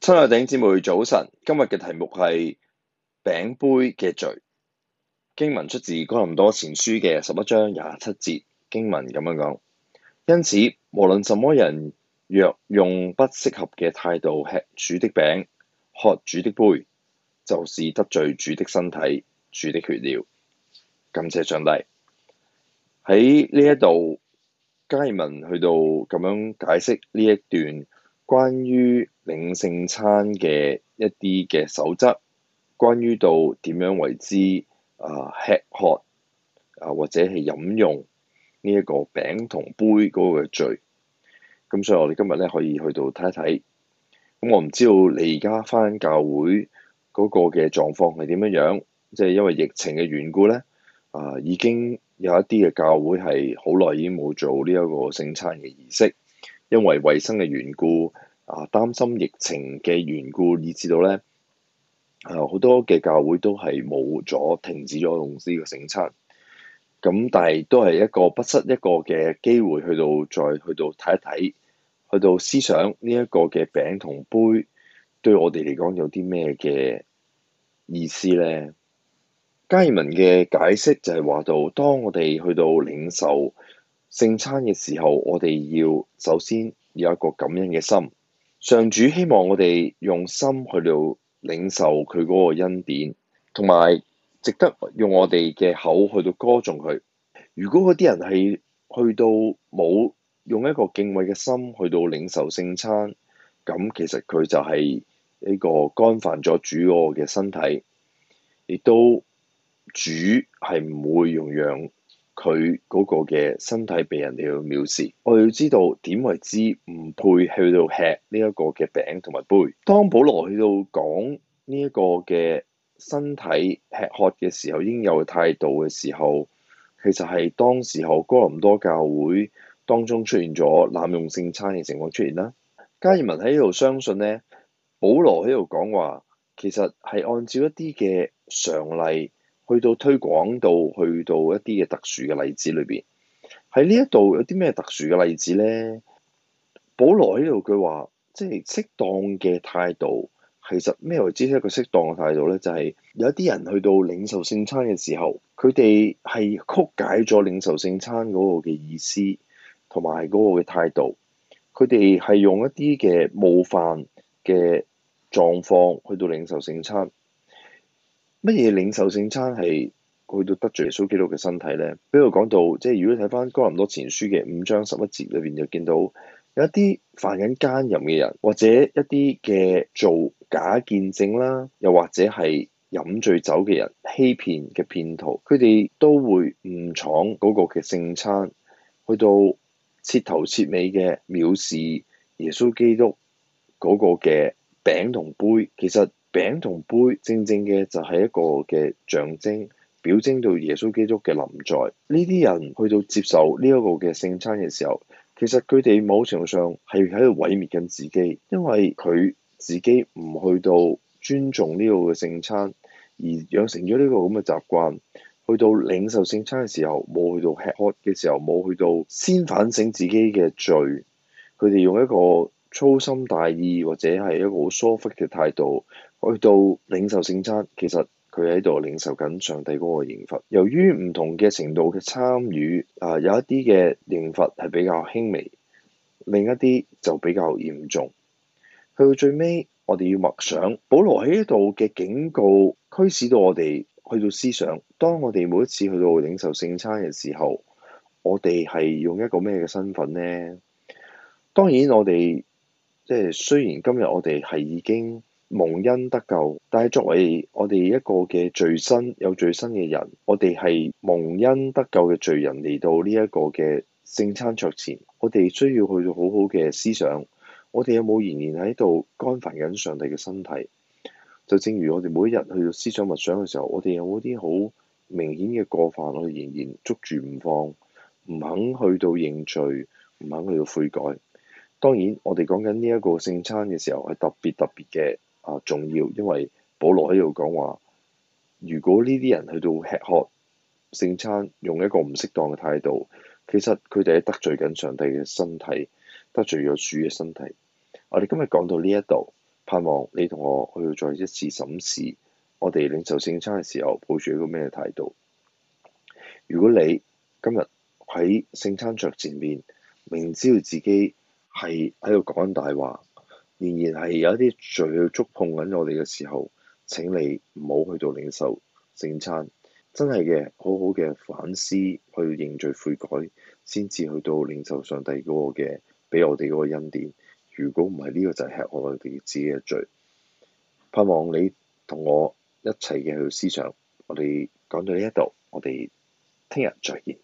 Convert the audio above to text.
親愛的弟兄姊妹，早晨，今日嘅題目係餅杯嘅罪。經文出自哥林多前書嘅十一章廿七節經文咁樣講：因此，無論什麼人，若用不適合嘅態度吃主的餅、喝主的杯，就是得罪主的身體、主的血了。感謝上帝。喺呢一度，佳文去到咁樣解釋呢一段。關於領聖餐嘅一啲嘅守則，關於到點樣為之啊吃喝啊或者係飲用呢一個餅同杯嗰個嘅罪。咁所以，我哋今日咧可以去到睇一睇。咁我唔知道你而家返教會嗰個嘅狀況係點樣樣？即係因為疫情嘅緣故咧啊，已經有一啲嘅教會係好耐已經冇做呢一個聖餐嘅儀式。因為衞生嘅緣故，啊擔心疫情嘅緣故，以至到咧，誒好多嘅教會都係冇咗停止咗公司嘅聖餐。咁但係都係一個不失一個嘅機會，去到再去到睇一睇，去到思想呢一個嘅餅同杯，對我哋嚟講有啲咩嘅意思咧？加爾文嘅解釋就係話到，當我哋去到領受。聖餐嘅時候，我哋要首先有一個感恩嘅心。上主希望我哋用心去到領受佢嗰個恩典，同埋值得用我哋嘅口去到歌頌佢。如果嗰啲人係去到冇用一個敬畏嘅心去到領受聖餐，咁其實佢就係呢個干犯咗主嘅身體，亦都主係唔會用養。佢嗰個嘅身體被人哋去藐視，我要知道點為之唔配去到吃呢一個嘅餅同埋杯。當保羅去到講呢一個嘅身體吃喝嘅時候，應有嘅態度嘅時候，其實係當時候哥林多教會當中出現咗濫用性餐嘅情況出現啦。加爾文喺呢度相信呢，保羅喺度講話，其實係按照一啲嘅常例。去到推廣到去到一啲嘅特殊嘅例子裏邊，喺呢一度有啲咩特殊嘅例子咧？保羅喺度佢話，即係、就是、適當嘅態度，其實咩為之係一個適當嘅態度咧？就係、是、有一啲人去到領受聖餐嘅時候，佢哋係曲解咗領受聖餐嗰個嘅意思，同埋嗰個嘅態度，佢哋係用一啲嘅冒犯嘅狀況去到領受聖餐。乜嘢領受聖餐係去到得罪耶穌基督嘅身體咧？比如講到，即係如果睇返《哥林多前書》嘅五章十一節裏邊，就見到有一啲犯緊奸淫嘅人，或者一啲嘅做假見證啦，又或者係飲醉酒嘅人欺騙嘅騙徒，佢哋都會誤闖嗰個嘅聖餐，去到徹頭徹尾嘅藐視耶穌基督嗰個嘅餅同杯，其實。餅同杯正正嘅就係一個嘅象徵，表徵到耶穌基督嘅臨在。呢啲人去到接受呢一個嘅聖餐嘅時候，其實佢哋某程度上係喺度毀滅緊自己，因為佢自己唔去到尊重呢個嘅聖餐，而養成咗呢個咁嘅習慣。去到領受聖餐嘅時候，冇去到吃喝嘅時候，冇去到先反省自己嘅罪，佢哋用一個。粗心大意或者係一個好疏忽嘅態度，去到領受聖餐，其實佢喺度領受緊上帝嗰個刑罰。由於唔同嘅程度嘅參與，啊、呃、有一啲嘅刑罰係比較輕微，另一啲就比較嚴重。去到最尾，我哋要默想，保羅喺呢度嘅警告，驅使到我哋去到思想。當我哋每一次去到領受聖餐嘅時候，我哋係用一個咩嘅身份呢？當然我哋。即係雖然今日我哋係已經蒙恩得救，但係作為我哋一個嘅罪身有罪身嘅人，我哋係蒙恩得救嘅罪人嚟到呢一個嘅聖餐桌前，我哋需要去到好好嘅思想，我哋有冇仍然喺度干犯緊上帝嘅身體？就正如我哋每一日去到思想默想嘅時候，我哋有冇啲好明顯嘅過犯，我哋仍然捉住唔放，唔肯去到認罪，唔肯去到悔改？當然，我哋講緊呢一個聖餐嘅時候係特別特別嘅啊重要，因為保羅喺度講話，如果呢啲人去到吃喝聖餐，用一個唔適當嘅態度，其實佢哋係得罪緊上帝嘅身體，得罪咗主嘅身體。我哋今日講到呢一度，盼望你同我去再一次審視我哋領受聖餐嘅時候，抱住一個咩態度？如果你今日喺聖餐桌前面，明知道自己，係喺度講緊大話，仍然係有一啲罪去觸碰緊我哋嘅時候，請你唔好去到領受聖餐。真係嘅，好好嘅反思，去認罪悔改，先至去到領受上帝嗰個嘅俾我哋嗰個恩典。如果唔係呢個就係吃我哋自己嘅罪。盼望你同我一齊嘅去到思想，我哋講到呢一度，我哋聽日再見。